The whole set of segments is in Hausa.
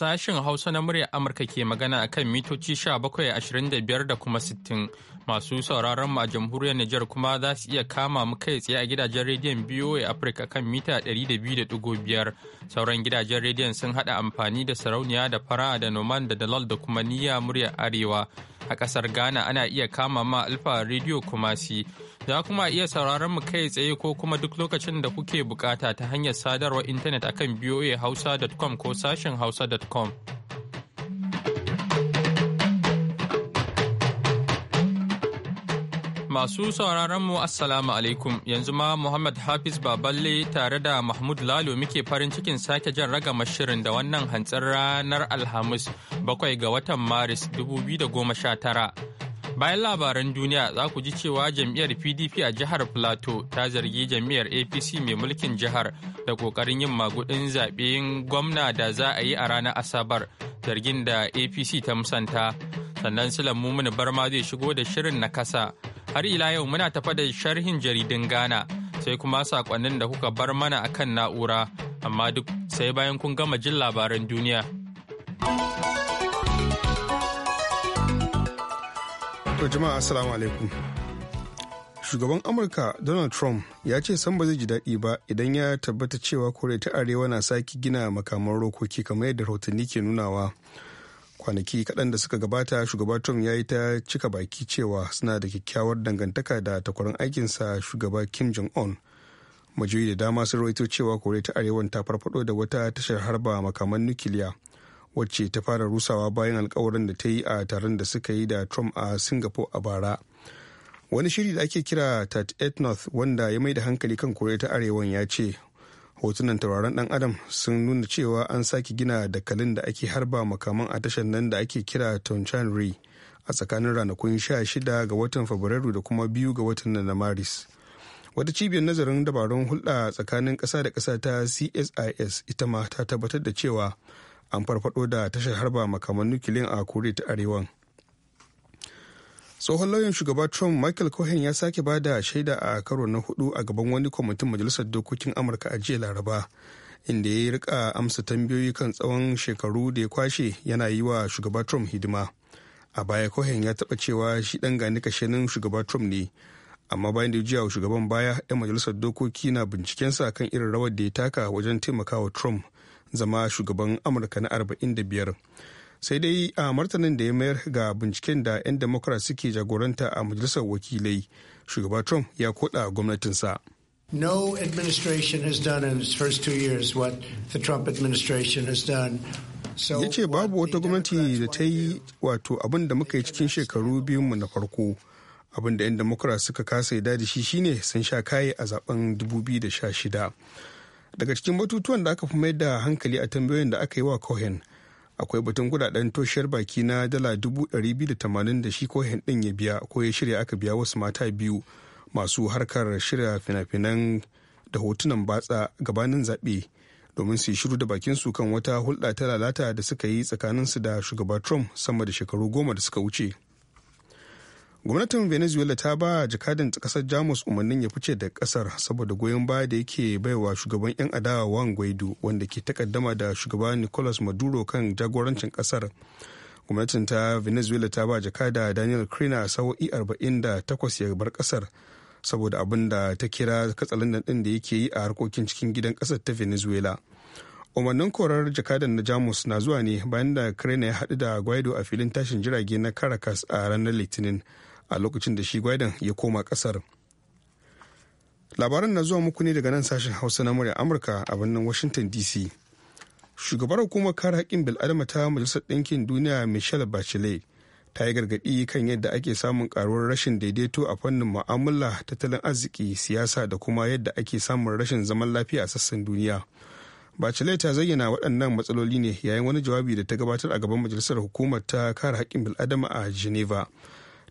Sashen Hausa na murya Amurka ke magana a kan mitoci 1725 da kuma 60 masu sauraron mu a jamhuriyar Nijar kuma za su iya kama mu kai tsaye a gidajen rediyon BOA Africa kan mita 200.5 sauran gidajen rediyon sun hada amfani da sarauniya da fara da noman da dalal da kuma niyya murya Arewa. a ƙasar Ghana ana iya kama ma Alfa Radio Kumasi. Za kuma iya sauraron mu kai tsaye ko kuma duk lokacin da kuke bukata ta hanyar sadarwar intanet akan voahausa.com ko sashen hausa.com. Masu sauraronmu Assalamu alaikum yanzu ma Muhammad Hafiz Baballe tare da Mahmud Lalo muke farin cikin sake jan raga mashirin da wannan hantsar ranar Alhamis bakwai ga watan Maris 2019. Bayan labaran duniya za ku ji cewa jam'iyyar PDP a jihar Plateau ta zargi jam'iyyar APC mai mulkin jihar da ƙoƙarin yin magudin zaɓen gwamna da za a yi a ranar Asabar zargin da APC ta musanta. Sannan Sulan mini Barma zai shigo da shirin na kasa Har ila yau muna tafa da sharhin jaridin Ghana sai kuma sakonnin da kuka bar mana akan na'ura amma duk sai bayan kun gama jin labaran duniya. To jama'a assalamu alaikum. Shugaban Amurka Donald Trump ya ce san ba zai ji daɗi ba idan ya tabbata cewa kore ta Arewa na sake gina makaman rokoki kamar yadda rahotanni ke nunawa. kwanaki kaɗan da suka gabata shugaba trump ya yi ta cika baki cewa suna da kyakkyawar dangantaka da takwarar aikinsa shugaba kim jong-un majiyoyi da dama sun rawaito cewa koriya ta arewan ta farfado da wata tashar harba makaman nukiliya wacce ta fara rusawa bayan alkawarin da ta yi a taron da suka yi da trump a singapore a bara wani shiri da ake kira tat north wanda ya mai da hankali kan koriya ta arewan ya ce hotunan tauraron dan adam sun nuna cewa an sake gina dakalin da ake harba makaman a tashar nan da ake kira tonchan ri a tsakanin ranakun 16 ga watan fabrairu da kuma biyu ga watan na maris wata cibiyar nazarin dabarun hulɗa tsakanin ƙasa da ƙasa ta csis ita ma ta tabbatar da cewa an farfado da tashar harba makaman nukiliyan a kore ta arewan tsohon lauyan shugaba trump michael cohen ya sake ba da shaida a karo na hudu a gaban wani kwamitin majalisar dokokin amurka a jiya laraba inda ya rika amsa tambayoyi kan tsawon shekaru da ya kwashe yana yi wa shugaba trump hidima a baya cohen ya taba cewa shi dan gani kashenin shugaba trump ne amma bayan da ya jiya wa shugaban baya yan majalisar dokoki na binciken sa kan irin rawar da ya taka wajen taimakawa trump zama shugaban amurka na 45 sai dai a martanin da ya mayar ga binciken da 'yan democrat suke jagoranta a majalisar wakilai shugaba trump ya koda gwamnatinsa No administration has done in its first two years what the Trump administration has done ya ce babu wata gwamnati da ta yi wato abin da muka yi cikin shekaru biyunmu na farko abin da 'yan demokura suka kasa yi dadi shi shine sun sha kaye a zaben 2016 daga cikin batutuwan da aka fi mai da hankali a tambayoyin da aka yi wa cohen akwai batun kudaden toshiyar baki na dala dubu ɗari biyu da tamanin da shi kohen ɗin ya biya ko ya shirya aka biya wasu mata biyu masu harkar shirya fina-finan da hotunan batsa gabanin zaɓe domin su yi shiru da bakin su kan wata hulɗa ta lalata da suka yi tsakanin su da shugaba trump sama da shekaru goma da suka wuce. gwamnatin venezuela ta ba jakadin kasar jamus umarnin ya fice da kasar saboda goyon baya da yake baiwa shugaban 'yan adawa wan guaido wanda ke takaddama da shugaba nicolas maduro kan jagorancin kasar gwamnatin ta venezuela ta ba jakada daniel crina sawo'i 48 ya bar kasar saboda abin da ta kira katsalandan din da yake yi a harkokin cikin gidan kasar ta venezuela umarnin korar jakadan na jamus na zuwa ne bayan da crina ya haɗu da guaido a filin tashin jirage na caracas a ranar litinin a lokacin da shi gwaidan ya koma kasar. Labaran na zuwa muku ne daga nan sashen Hausa na murya Amurka a birnin Washington DC. Shugabar hukumar kare haƙƙin bil'adama ta Majalisar Ɗinkin Duniya Michelle Bachelet ta yi gargaɗi kan yadda ake samun karuwar rashin daidaito a fannin mu'amala tattalin arziki siyasa da kuma yadda ake samun rashin zaman lafiya a sassan duniya bachelet ta zayyana waɗannan matsaloli ne yayin wani jawabi da ta gabatar a gaban majalisar hukumar ta kare haƙƙin bil'adama a geneva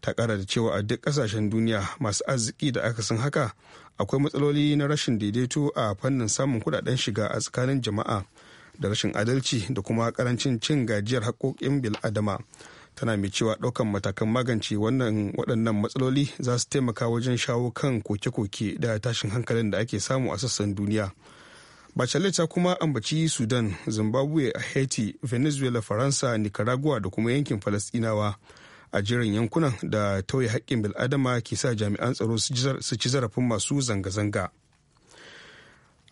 ta kara da cewa a duk kasashen duniya masu arziki da aka san haka akwai matsaloli na rashin daidaito a fannin samun kudaden shiga a tsakanin jama'a da rashin adalci da kuma karancin cin gajiyar haƙoƙin bil'adama tana mai cewa ɗaukan matakan magance wannan waɗannan matsaloli za su taimaka wajen shawo kan koke-koke da tashin hankalin da ake samu a sassan duniya bachelet ta kuma ambaci sudan zimbabwe haiti venezuela faransa nicaragua da kuma yankin falasɗinawa a jiran yankunan da tauye haƙƙin bil'adama ke sa jami'an tsaro su ci zarafin masu zanga-zanga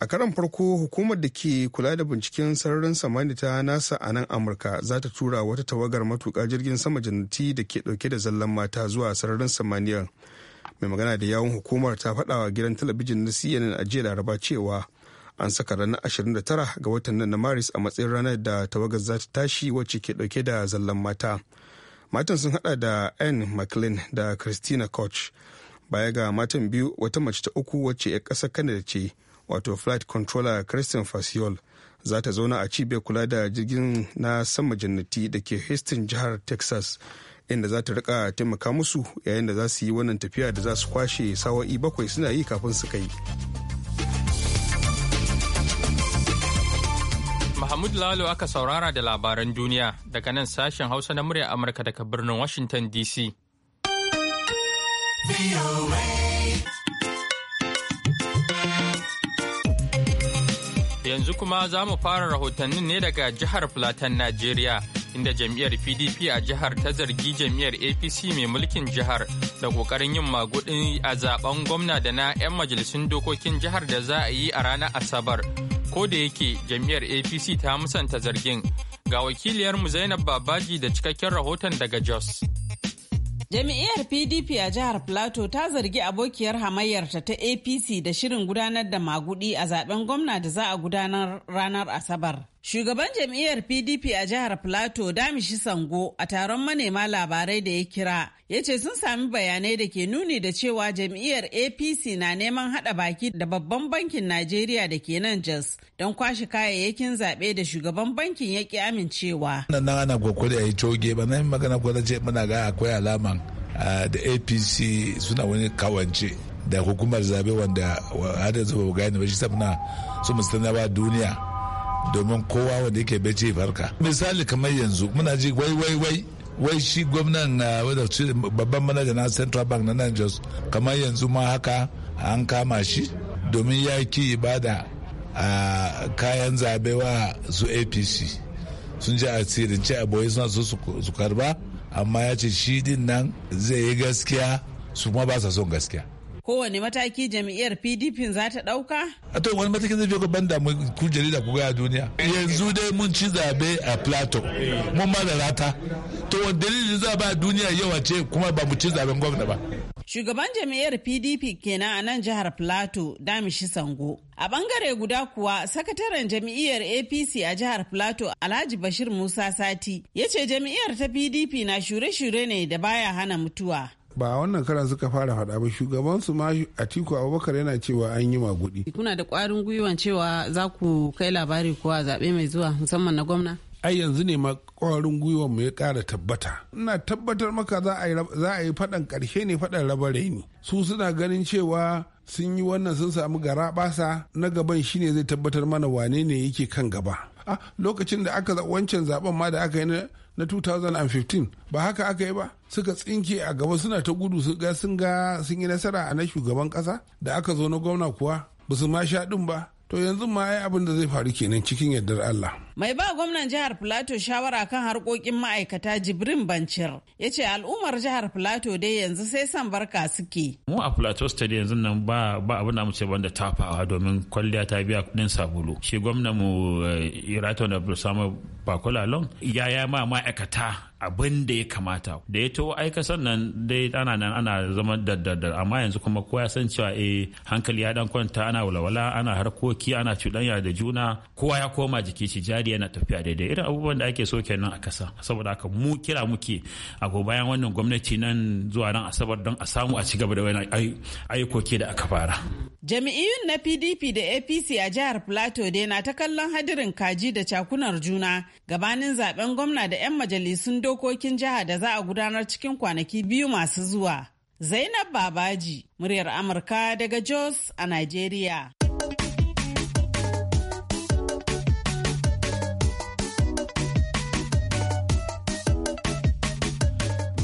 a karan farko hukumar da ke kula da binciken sararin samani ta nasa a nan amurka za ta tura wata tawagar matuka jirgin sama janati da ke ɗauke da zallan mata zuwa sararin samaniyar mai magana da yawun hukumar ta faɗa wa gidan talabijin na cnn a jiya laraba cewa an saka ranar 29 ga watan nan na maris a matsayin ranar da tawagar za ta tashi wacce ke ɗauke da zallan mata matan sun hada da anne mclean da christina koch baya ga matan biyu wata mace ta uku wacce ya kasa canada ce wato flight controller christian fasiol za ta zauna a cibiyar kula da jirgin na sama jannati da ke houston jihar texas inda za ta rika taimaka musu yayin da za su yi wannan tafiya da za su kwashe sawa'i bakwai suna yi kafin su kai. Mahmud Lalo aka saurara da labaran duniya daga nan sashen Hausa na murya Amurka daga birnin Washington DC. Yanzu kuma za mu fara rahotannin ne daga jihar Filatan Najeriya. inda jam'iyyar pdp a jihar ta zargi jam'iyyar apc mai mulkin jihar da kokarin yin magudin a zaben gwamna da na 'yan majalisun dokokin jihar da za a yi a ranar asabar ko da yake jam'iyyar apc ta musanta zargin ga wakiliyarmu zainab babaji da cikakken rahoton daga jos Jami'iyyar PDP a jihar Plateau ta zargi abokiyar hamayyarta ta APC da shirin gudanar da magudi a zaben gwamna da za a gudanar ranar Asabar. Shugaban jam'iyyar PDP a jihar Plateau Damishi Sango a taron manema labarai da ya kira ya ce sun sami bayanai da ke nuni da cewa jam'iyyar APC na neman hada baki da babban bankin Najeriya da ke nan Jos don kwashe kayayyakin zabe da shugaban bankin ya ki amincewa. Nan ana kokari a yi coge ba na magana ko ce muna ga akwai alaman da APC suna wani kawance da hukumar zabe wanda har yanzu ba gane ba shi sabna su musulna ba duniya. domin kowa wanda yake ce farka misali kamar yanzu muna ji wai wai wai wai shi gwamnan ah, na babban manaja na central bank na nan kamar yanzu ma haka an kama shi domin ya ki ibada a ah, kayan zabe wa su apc sun ji a tsirince a boye suna so su karba amma ya ce shi din nan zai yi gaskiya su kuma ba sa son gaskiya kowane mataki jam'iyyar pdp za ta ɗauka? a to wani matakin zai biyo ban damu ku jarida ku gaya duniya yanzu dai mun ci zabe a plato mun ma da rata to wani dalilin za ba duniya yawa ce kuma ba mu ci zaben gwamna ba shugaban jam'iyyar pdp kenan a nan jihar plateau damishi sango a bangare guda kuwa sakataren jam'iyyar apc a jihar plateau alhaji bashir musa sati ya ce jam'iyyar ta pdp na shure-shure ne da baya hana mutuwa ba wannan karan suka fara faɗa ba shugaban su ma Atiku Abubakar yana cewa an yi magudi kuna da ƙwarin gwiwan cewa za ku kai labari kuwa zaɓe mai zuwa musamman na gwamna ai yanzu ne ma kwarin gwiwar mu ya kara tabbata ina tabbatar maka za a yi faɗan ƙarshe ne faɗan raba raini su suna ganin cewa sun yi wannan sun samu gara basa na gaban shine zai tabbatar mana wane ne yake kan gaba a lokacin da aka wancan zaben ma da aka yi na 2015 ba haka aka yi ba suka tsinke a gaba suna ta gudu su ga sun ga sun yi nasara a na shugaban kasa da aka zo na gwamna kuwa ba su ma sha ɗin ba to yanzu ma ai abin da zai faru kenan cikin yardar Allah Mai ba gwamnan jihar Filato shawara kan harkokin ma'aikata Jibrin Bancir ya ce al'ummar jihar Filato dai yanzu sai san barka suke. Mu a Filato State yanzu nan ba ba abin da mu ce banda tafawa domin kwalliya ta biya kudin sabulu. Shi gwamnan mu eh, Irato da bakola long ya ya ma ma'aikata abin da ya kamata da ya to aika sannan dai ana nan ana zama daddadar amma yanzu kuma kowa ya san cewa eh hankali ya dan kwanta ana walwala ana harkoki ana cuɗanya da juna kowa ya koma jiki shi jari tsari yana tafiya daidai irin abubuwan da ake so kenan a kasa saboda haka mu kira muke a bayan wannan gwamnati nan zuwa nan asabar don a samu a ci gaba da wani ayyukoki da aka fara jami'iyun na pdp da apc a jihar plateau dai na ta kallon hadirin kaji da cakunar juna gabanin zaben gwamna da 'yan majalisun dokokin jiha da za a gudanar cikin kwanaki biyu masu zuwa zainab babaji muryar amurka daga jos a nigeria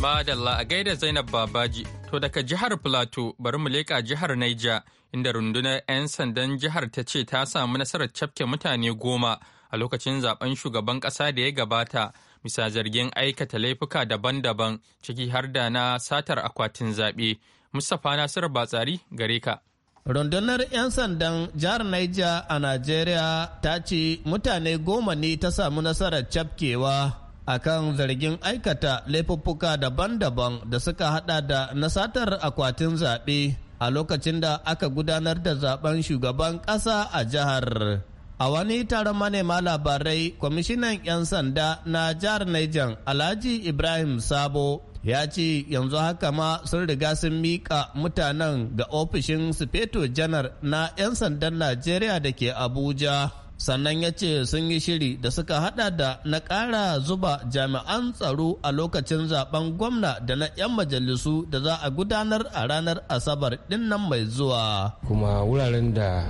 Madalla a gaida Zainab Babaji, to daga jihar Filato bari mu leƙa jihar Naija inda rundunar 'yan sandan jihar ta ce ta samu nasarar cafke mutane goma a lokacin zaben shugaban ƙasa da ya gabata bisa zargin aikata laifuka daban-daban ciki har da na satar akwatin zaɓe. Mustapha Nasiru Batsari gare ka. Rundunar 'yan sandan jihar Niger a Najeriya ta ce mutane goma ne ta samu nasarar cafkewa akan zargin aikata laifuffuka daban-daban da suka hada da nasatar akwatin zaɓe a lokacin da aka gudanar da zaben shugaban ƙasa a jihar. A wani taron manema labarai, kwamishinan 'yan sanda na jihar Niger Alhaji Ibrahim Sabo ya ce yanzu haka ma sun riga sun miƙa mutanen ga ofishin Sufeto janar na 'yan sandan Najeriya da ke Abuja. sannan ya ce sun yi shiri da suka hada da na ƙara zuba jami'an tsaro a lokacin zaben gwamna da na 'yan majalisu da za a gudanar a ranar asabar dinnan mai zuwa kuma wuraren da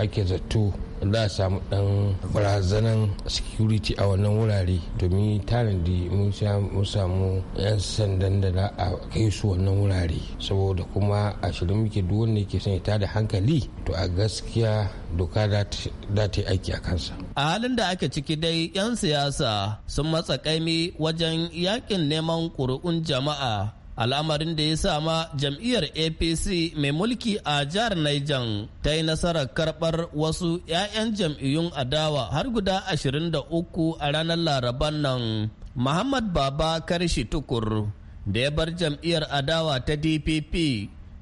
ake zato za a samu dan barazanan security a wannan wurare domin tanadi mun samu 'yan sandan da za a kai su wannan wurare saboda kuma a shirin muke duk wanda ke son da hankali to a gaskiya doka za ta yi aiki a kansa a halin da aka ciki dai 'yan siyasa sun matsa kaimi wajen yakin neman ƙuri'un jama'a al'amarin da ya sa ma jam'iyyar apc mai mulki a jihar niger ta yi nasarar karɓar wasu 'ya'yan jam'iyyun adawa har guda 23 a ranar laraban nan muhammad baba karshi tukur da ya bar jam'iyyar adawa ta dpp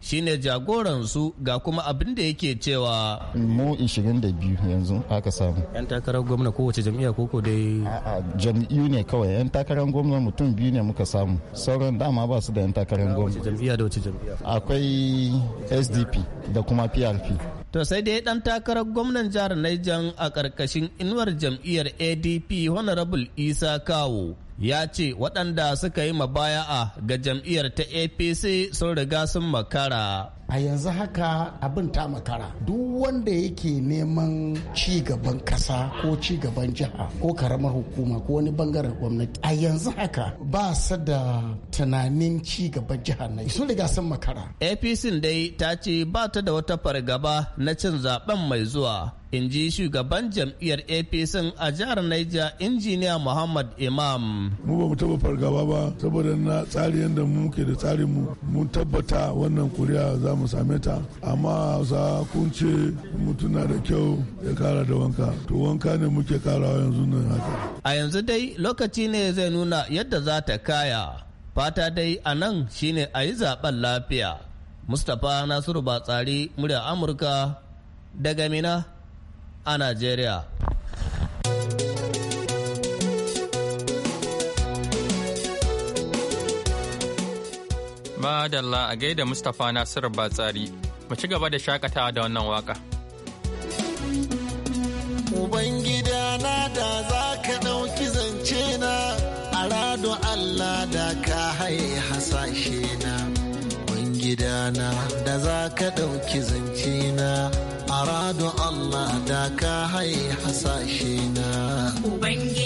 shine jagoransu ga kuma abin da yake cewa mu 22 yanzu aka samu yan takarar gwamna kowace jam'iyya ko dai a'a jam'iyyu ne kawai yan takarar gwamna mutum biyu ne muka samu sauran dama ba su da yan takarar gwamna jam'iyya da wace jam'iyya akwai SDP da kuma PRP To sai dai dan takarar gwamnan jihar Niger a ƙarƙashin inuwar jam'iyyar ADP Honorable Isa Kawo ya ce waɗanda suka yi mabaya'a ga jam'iyyar ta apc sun riga sun makara a yanzu haka abin ta makara duk wanda yake neman ci gaban kasa ko ci gaban jiha ko karamar hukuma ko wani bangaren gwamnati a yanzu haka ba su da tunanin ci gaban jihar nan sun riga sun makara apc dai ta ce ba ta da wata fargaba na cin zaben mai zuwa in ji shugaban jam'iyyar apc a jihar naija injiniya muhammad imam mu ba mu taba fargaba ba saboda na tsari yadda muke da tsarin mu mun tabbata wannan kuri'a za mu same ta amma za kun ce mutum na da kyau ya kara da wanka to wanka ne muke karawa yanzu nan haka a yanzu dai lokaci ne zai nuna yadda za ta kaya fata dai a nan shine a yi zaben lafiya mustapha nasiru batsari murya amurka daga mina a najeriya Madalla a gaida Mustapha Nasiru Batsari. Mu ci gaba da shakatawa da wannan waka. Ubangida na da za ka ɗauki zance na a rado Allah da ka haye hasashe na. Ubangida na da za ka ɗauki zance na a rado Allah da ka haye hasashe na. Ubangida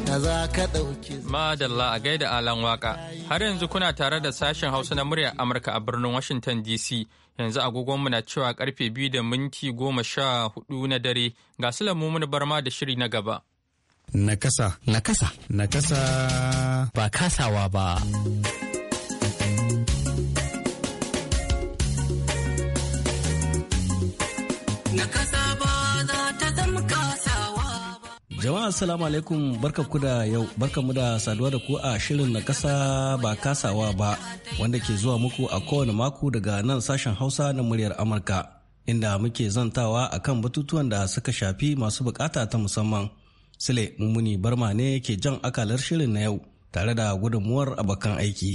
da Madalla a gaida alan waka. Har yanzu kuna tare da sashen Hausa na muryar Amurka a birnin Washington DC. Yanzu agogonmu na cewa karfe biyu da minti goma sha hudu na dare ga Sulaimu Barma da shiri na gaba. Nakasa. Nakasa. Nakasa. Ba kasawa ba. Jama'a assalamu alaikum barkanku da yau barkanmu da saduwa da ku a shirin na kasa ba kasawa ba wanda ke zuwa muku a kowane mako daga nan sashen Hausa na muryar Amurka inda muke zantawa akan batutuwan da suka shafi masu bukata ta musamman. Sule Mumuni Barma ne ke jan akalar shirin na yau tare da gudunmuwar abokan aiki.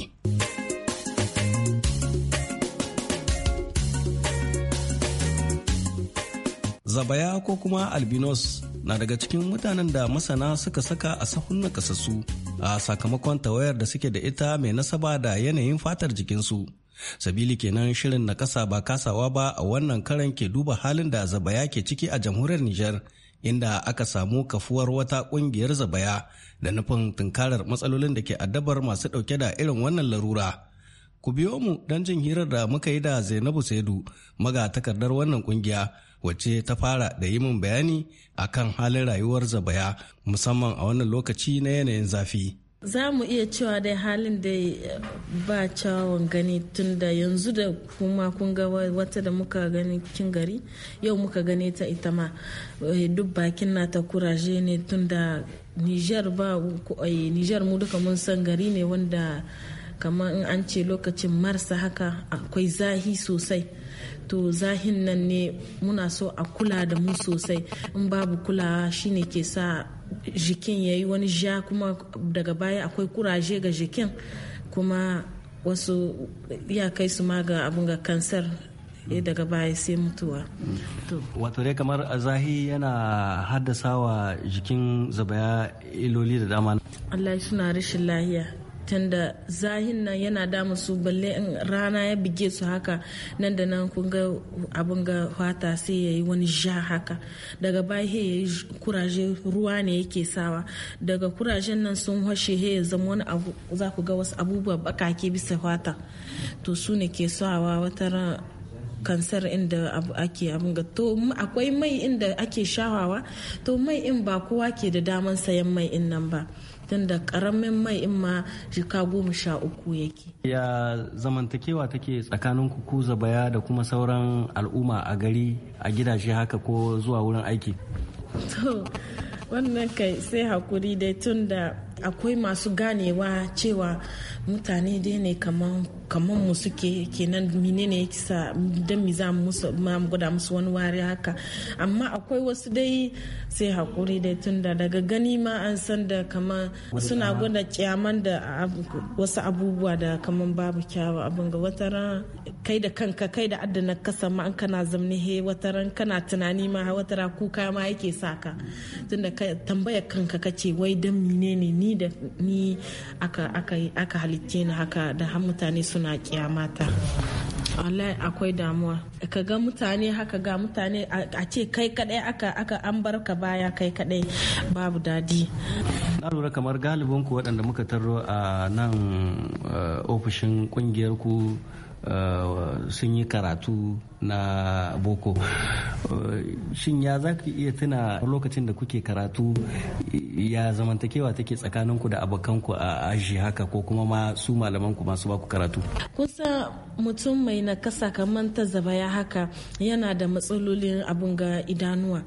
Zabaya ko kuma albinos na daga cikin mutanen da masana suka saka a sahun nakasassu a sakamakon tawayar da suke da ita mai nasaba da yanayin fatar jikinsu. Sabili kenan shirin na kasa ba kasawa ba a wannan karan ke duba halin da zabaya ke ciki a jamhuriyar Nijar. inda aka samu kafuwar wata kungiyar zabaya da nufin tunkarar matsalolin da ke addabar masu dauke da irin wannan larura. Ku biyo mu don jin hirar da muka yi da Zainabu Saidu maga takardar wannan kungiya wacce ta fara da yi min bayani a kan halin rayuwar zabaya musamman a wannan lokaci na yanayin zafi. za mu iya cewa dai halin da eh, ba kyawun gani tun da yanzu da kuma kun ga wata da muka gani kin gari yau muka gani ta ita ma eh, duk bakin na ta kuraje ne tun da niger ba eh, niger mu duka mun san gari ne wanda kamar in an ce lokacin marsa haka akwai zahi sosai to zahin nan ne muna so a kula da mu sosai in babu kulawa shine ke sa jikin ya yi wani ja kuma daga baya akwai kuraje ga jikin kuma wasu ya kai su ma ga abin ga kansar daga baya sai mutuwa wato dai kamar zahi yana haddasa wa jikin zabaya iloli da dama Allah suna rashin lahiya tunda zahin nan yana damu su balle in rana ya bige su haka nan da nan kun ga abin ga fata sai ya yi wani ja haka daga baya ya yi kuraje ruwa ne yake sawa daga kurajen nan sun hashe he ya zama wani abu za ku ga wasu abubuwa bakake bisa fata to su ne ke sawa wata kansar inda ake abin ga to akwai mai inda ake shawawa to mai in ba kowa ke da daman sayan mai in nan ba tunda karamin mai in ma jika goma sha uku yake. Ya zamantakewa take tsakanin ku zabaya da kuma sauran al'umma a gari a gidaje haka ko zuwa wurin aiki? To, wannan kai sai hakuri dai tunda akwai masu ganewa cewa mutane dai ne musu mu suke kenan ne ya kisa don mi za mu musu wani wari haka amma akwai wasu dai sai hakuri dai tunda daga gani ma an san da kamar suna gwada kyaman da wasu abubuwa da kaman babu kyawa abin ga wata ran kai da kanka kai da adana kasa ma an kana zamni he wata ran kana tunani ma wata ran kuka ma yake saka tunda tambaya kanka kace wai mine ne ni da ni aka aka aka halicce na haka da har mutane suna kiyamata. wallahi akwai damuwa ka ga mutane haka ga mutane a ce kai kadai aka aka an bar ka baya kai kadai babu dadi na lura kamar galibin ku waɗanda muka tarro a nan eh, ofishin kungiyar ku Eh, sun yi karatu na boko eh, shin ya za ku iya tuna lokacin da kuke karatu ya zamantakewa take tsakaninku da abokanku a aji haka ko kuma ma su malamanku masu baku karatu kusa mutum mai nakasa kamar ta zabaya haka yana da matsalolin abun ga idanuwa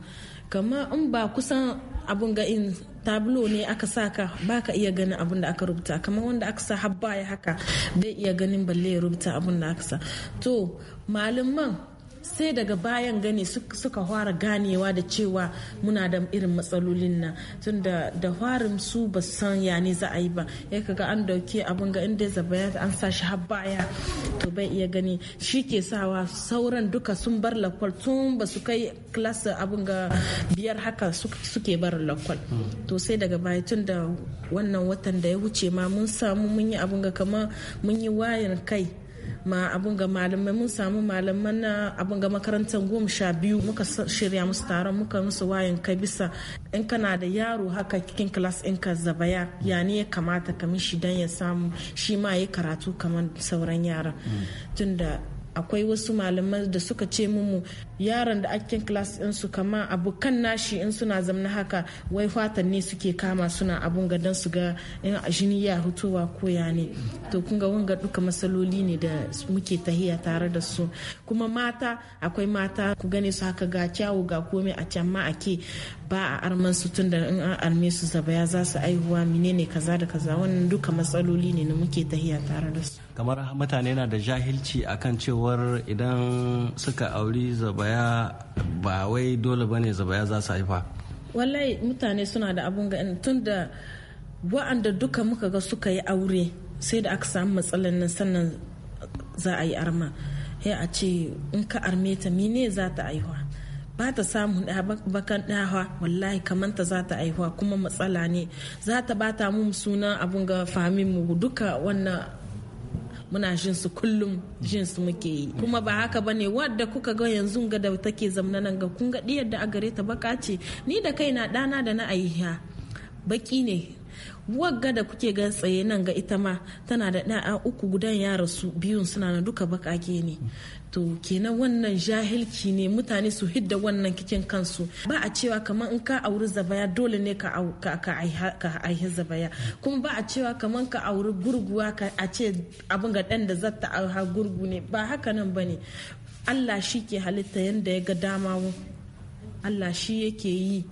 kamar in ba kusan abun ga in tablo ne aka sa ka baka iya ganin abin da aka rubuta kamar wanda aka sa habba ya haka bai iya ganin balle ya rubuta abin da aka sa to malaman sai daga bayan gani suka fara ganewa da cewa muna da irin matsalolin nan tun da harin su ba san ya ne za a yi ba ya kaga an dauke abin ga inda zaba ya an sa shi har baya to bai iya gani shi ke sawa sauran duka sun bar lakwal tun ba su kai klas abin ga biyar haka suke bar lakwal to sai daga baya tun da wannan watan da ya wuce ma mun samu mun yi abin ga kamar mun yi wayan kai ma abun ga malamai mun samu malaman na abun ga makarantar goma sha biyu muka shirya musu taron muka musu wayan kai bisa in kana da yaro haka cikin class in ka zabaya ya ne ya kamata ka mishi dan ya samu shi ma ya karatu kamar sauran yara mm. tunda akwai wasu malaman da suka ce mumu yaran da akin klas din su kama abokan nashi in suna zamna haka wai fatan ne suke kama suna abun gadon su ga in jini ya hutowa ya ne to kun ga wanga duka masaloli ne da muke tahiya tare da su kuma mata akwai mata ku gane su haka ga kyawu ga komai a can ma ake ba a arman su tun da in an arme su zabaya za su aihuwa menene kaza da kaza wannan duka matsaloli ne na muke tahiya tare da su kamar mutane na da jahilci akan cewar idan suka auri zabaya ba wai dole ba ne zabaya za su haifa wallahi mutane suna da abun ga tun da wa'anda duka muka ga suka yi aure sai da aka samu matsalar nan sannan za a yi arma sai a ce in ka arme ta mine za ta aihuwa ba ta samu bakan ɗawa wallahi ta za ta aihuwa kuma matsala ne za ta bata mu sunan abun ga famin mu duka wannan muna jin su kullum jin su muke yi kuma ba haka bane wadda kuka ga yanzu ga da take zamna nan ga kun ga diyar da a gare ta baka ce ni da kaina ɗana da na aiha baki ne wagga da kuke gan tsaye nan ga ita ma tana da ɗa'a uku gudan yara su biyun suna na duka bakake ne to kenan wannan jahilci ne mutane su hidda wannan kikin kansu ba a cewa kamar in ka auri zabaya dole ne ka aihi zabaya kuma ba a cewa kamar ka auri gurguwa a ce abin ga ɗan da zata auha gurgu ne ba haka nan ba ne allah shi ke halitta yadda ya ga dama Allah shi yake yi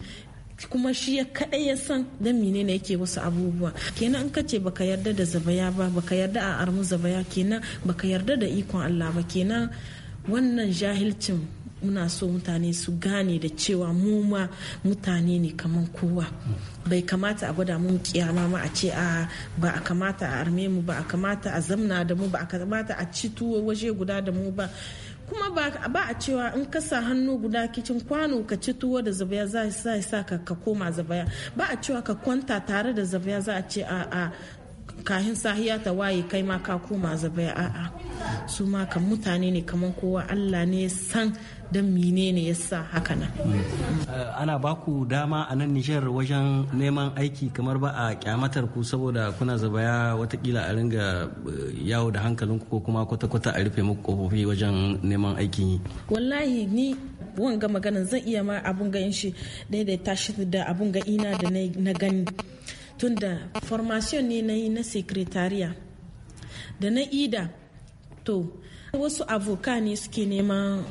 kuma shi ya kaɗai ya san mine ne yake wasu abubuwa kenan in ka ce baka yarda da zabaya ba baka yarda a armu zabaya kenan baka yarda da ikon Allah ba kenan wannan jahilcin muna so mutane su gane da cewa mu ma mutane ne kamar kowa bai kamata a gwada mun kiyama ma a ce a ba a kamata a arme mu ba a kamata a zamna da mu ba a kamata a ci tuwo waje guda da mu ba kuma ba a cewa in ka sa hannu guda kicin kwano ka ci tuwo da zabaya za a sa ka koma zabaya ba a cewa ka kwanta tare da zabaya za a ce a a kahin sahiya ta waye kai ma ka koma ya a'a su ma kan mutane ne kamar kowa allah ne san don ne ya sa haka nan. Eh, ana baku dama a nan nijar wajen neman aiki kamar ba a kyamatar ku saboda kuna ya watakila a ringa eh, yawo da hankalin ko kuma kwata-kwata a rufe muku kofofi wajen neman aiki yi. wallahi ni wanga maganan zan iya ma abun ga shi daidaita shi da abun ga ina da na gani tunda formation ne na yi na secretariat da na ida to wasu avoka ne suke neman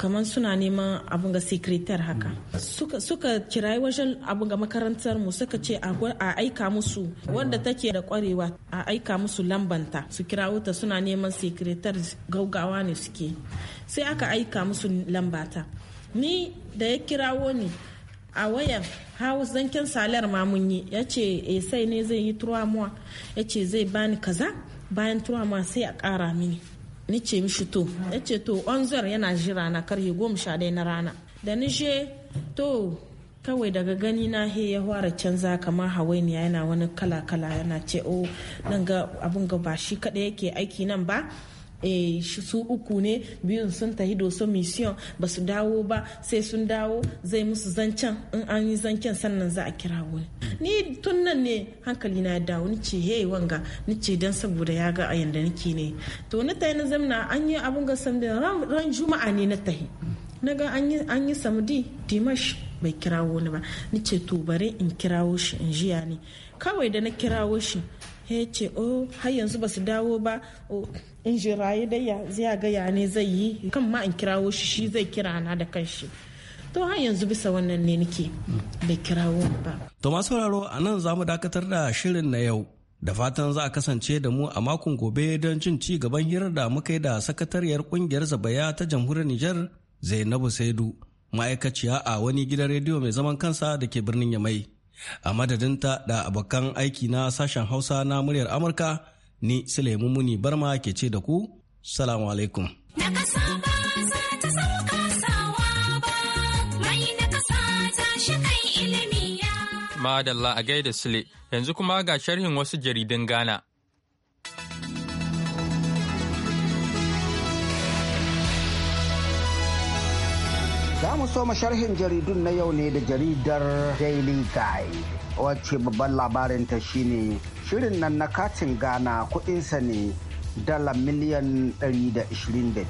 kamar suna neman abin ga secretar haka suka, suka kirayi wajen abin ga makarantar mu suka ce a aika musu wanda take da kwarewa a aika musu lambanta su kira ta suna neman secretar gaugawa ne suke sai aka aika musu lambata ni da ya kirawo ne a wayan house zankin salar ma mun yi ya ce eh, sai ne zai yi turwa ya ce zai bani kaza bayan turwa sai a kara mini ni ce mishi to ya ce to yana jira na karye goma sha ɗaya na rana da ni je to kawai daga gani na he ya fara canza kamar hawainiya yana wani kala-kala yana ce o oh, nan ga abun ga ba shi kaɗai yake aiki nan ba Eh, su uku ne biyun sun tahi doso mission ba su dawo ba sai sun dawo zai musu zancen in an yi zancen sannan za a kira wani ni tun nan ne hankali na dawo ni ce hey wanga ni ce dan saboda ya ga a nake ne to ni tahi na zamna an yi abun ga da ran juma'a ne na tahi na ga an yi samudi dimash bai kirawo ni ba ni ce to bari in kirawo shi in jiya ne kawai da na kirawo shi ya ce o oh, har yanzu ba su dawo ba oh, in jiraye da ya ziya ga ya ne zai yi kan ma in kirawo shi shi zai kira na da kanshi to har yanzu bisa wannan ne nake bai kirawo ba to masu sauraro a nan za mu dakatar da shirin na yau da fatan za a kasance da mu a makon gobe don cin ci gaban hirar da muka yi da sakatariyar kungiyar zabaya ta jamhuriyar Nijar Zainabu Saidu ma'aikaciya a wani gidan rediyo mai zaman kansa da ke birnin Yamai. a madadin ta da abokan aiki na sashen hausa na muryar amurka ni sulaimu muni barma ke ce da ku salamu alaikum madalla a gaida sule yanzu kuma ga sharhin wasu jaridun ghana Za mu so sharhin jaridun na yau ne da jaridar Daily guy Wacce babban labarinta shine shirin nan na katin Ghana kudinsa ne dala miliyan 122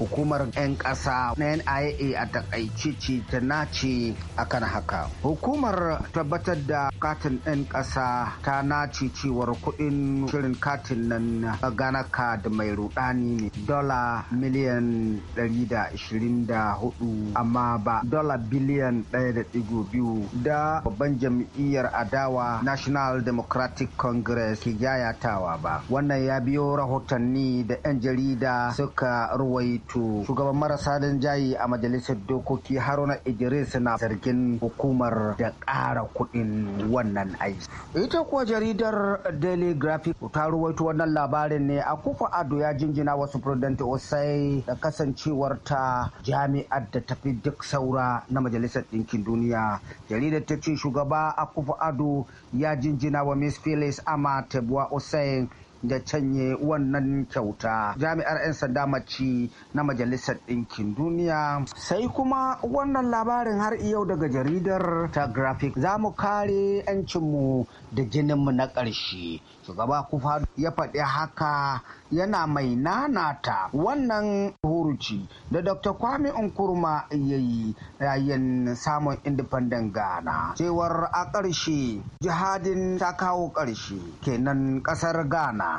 hukumar 'yan ƙasa na nia a takaice ce ta nace akan haka hukumar tabbatar da katin 'yan ƙasa ta nace cewar kuɗin shirin katin nan ganaka da mai rudani ne dala miliyan 124 amma ba dala biliyan 1.2 da babban jam'iyyar adawa national democratic congress ke yayatawa ba wannan ya biyo rahoton rahotanni da 'yan jarida suka ruwaito shugaban marasa jayi a majalisar dokoki haruna idris na zargin hukumar da ƙara kuɗin wannan aiki ita kuwa jaridar daily graphic ta ruwaito wannan labarin ne a kufa ado ya jinjina wasu president osai da kasancewar ta jami'ar da tafi duk saura na majalisar ɗinkin duniya jaridar ta ce shugaba a kufa ado ya jinjina wa miss phyllis ama tabuwa osai da canye wannan kyauta jami'ar 'yan sanda mace na majalisar ɗinkin duniya sai kuma wannan labarin har yau daga jaridar ta graphic za mu kare 'yancinmu da jininmu na ƙarshe shugaba kufa ya faɗi haka yana mai nanata wannan huruci da dr kwame nkuruma ya yi yayin samun independent ghana cewar a ƙarshe jihadin ta kawo ƙarshe kenan ƙasar ghana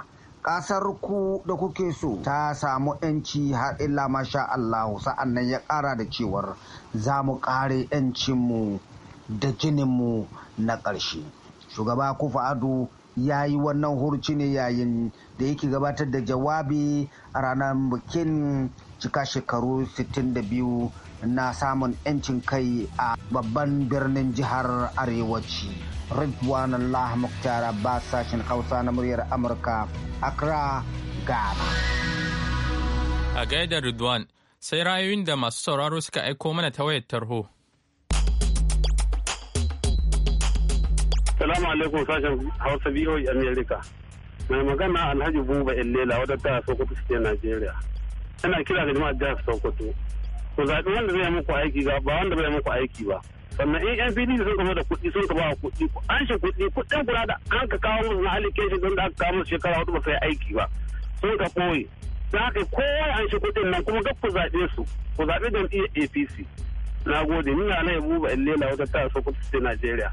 kasar ku da kuke so ta samu 'yanci har illa masha Allahu sa'an nan ya kara da cewar za mu kare 'yancinmu da jininmu na ƙarshe. Shugaba Kufa Ado ya yi wannan hurci ne yayin da yake gabatar da jawabi a ranar bikin cika shekaru 62 na samun 'yancin kai a babban birnin jihar Arewaci. Ridwan Allah ba Abbas sashen Hausa na muryar Amurka, Accra, Ghana. A gaida Ridwan, sai ra'ayoyin da masu sauraro suka aiko mana ta wayar tarho. Salamu alaikum sashen Hausa BOE Amerika. Mai magana Alhaji Buba Illela wadda ta Sokoto State Najeriya. Yana kira ga jama'ar jihar Sokoto. Ku zaɓi wanda zai muku aiki ba wanda bai muku aiki ba. sannan in yan pdp sun kama da kuɗi sun kama kuɗi an shi kuɗi kuɗin kula da an ka kawo musu na allocation don da aka kawo musu shekara hudu ba sai aiki ba sun ka koyi da haka kowa an shi kuɗin nan kuma gab ku zaɓe su ku zaɓe iya apc na gode ni na nan yabu ba illela wata ta kuɗi state najeriya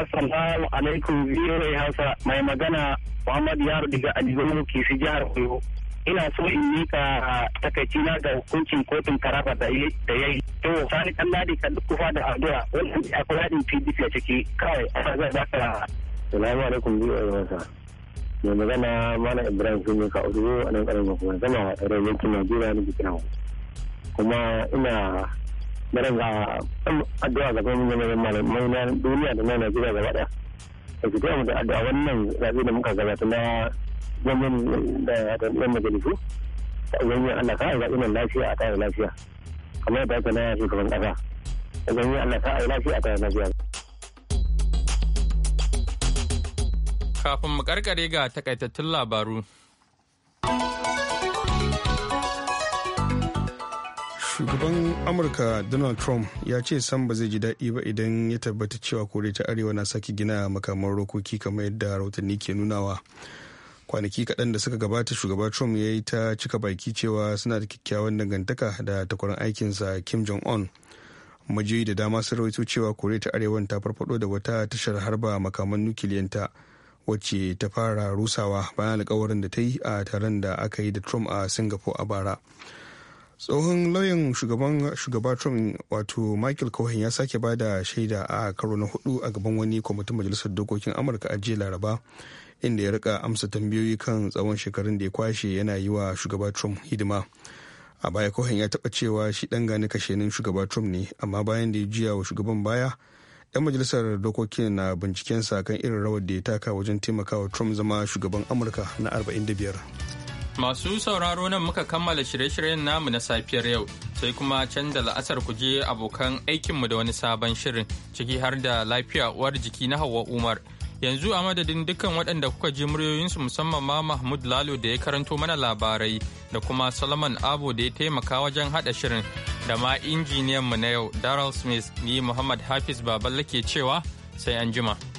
assalamu alaikum voa hausa mai magana muhammad yaro daga adizo kifi jihar oyo ina so in yi ka takaici na ga hukuncin kotun karafa da ya yi to sani dan ladi kan kufa da addu'a wannan da akwai ladin pdp a ciki kawai a zai baka salamu alaikum biyu a yawansa mai magana mana ibrahim sun yi ka odubo a nan karamin kuma zama a tsarin yankin najeriya na jikin kuma ina bara ga addu'a ga kuma manyan malamai na duniya da na najeriya gaba daya da su mu da addu'a wannan zaɓe da muka gabata na wajen da yan majalisu ubangiji Allah ka a zaɓi lafiya a tare lafiya kamar da aka naya shugaban ƙasa ubangiji Allah ka a lafiya a tare lafiya. Kafin mu karkare ga takaitattun labaru. shugaban amurka donald trump ya ce sam ba zai ji daɗi ba idan ya tabbata cewa koriya ta arewa na sake gina makaman rokoki kamar yadda rahotanni ke nunawa kwanaki kaɗan da suka gabata shugaba trump ya yi ta cika baki cewa suna da kyakkyawan dangantaka da takwarar aikinsa kim jong-un majiyoyi da dama sun rawaito cewa koriya ta arewan ta farfado da wata tashar harba makaman nukiliyanta wacce ta fara rusawa bayan alkawarin da ta yi a taron da aka yi da trump a singapore a bara tsohon lauyan shugaban shugaba trump wato michael cohen ya sake bada shaida a karo na hudu a gaban wani kwamitin majalisar dokokin amurka a jiya laraba inda ya rika amsa tambayoyi kan tsawon shekarun da ya kwashe yana yi wa shugaba trump hidima a baya kohan ya taba cewa shi dan gani kashenin shugaba trump ne amma bayan da ya jiya wa shugaban baya yan majalisar dokokin na binciken sa kan irin rawar da ya taka wajen taimakawa trump zama shugaban amurka na 45 masu sauraro nan muka kammala shirye-shiryen namu na safiyar yau sai kuma canza la'asar ku je abokan aikinmu da wani sabon shirin ciki har da lafiya uwar jiki na hawa umar yanzu a madadin dukkan waɗanda kuka ji muryoyinsu musamman ma mahmud lalo da ya karanto mana labarai da kuma solomon abo da ya taimaka wajen haɗa shirin da ma injiniyanmu na yau daryl smith ni muhammad hafiz baballa ke cewa sai an jima.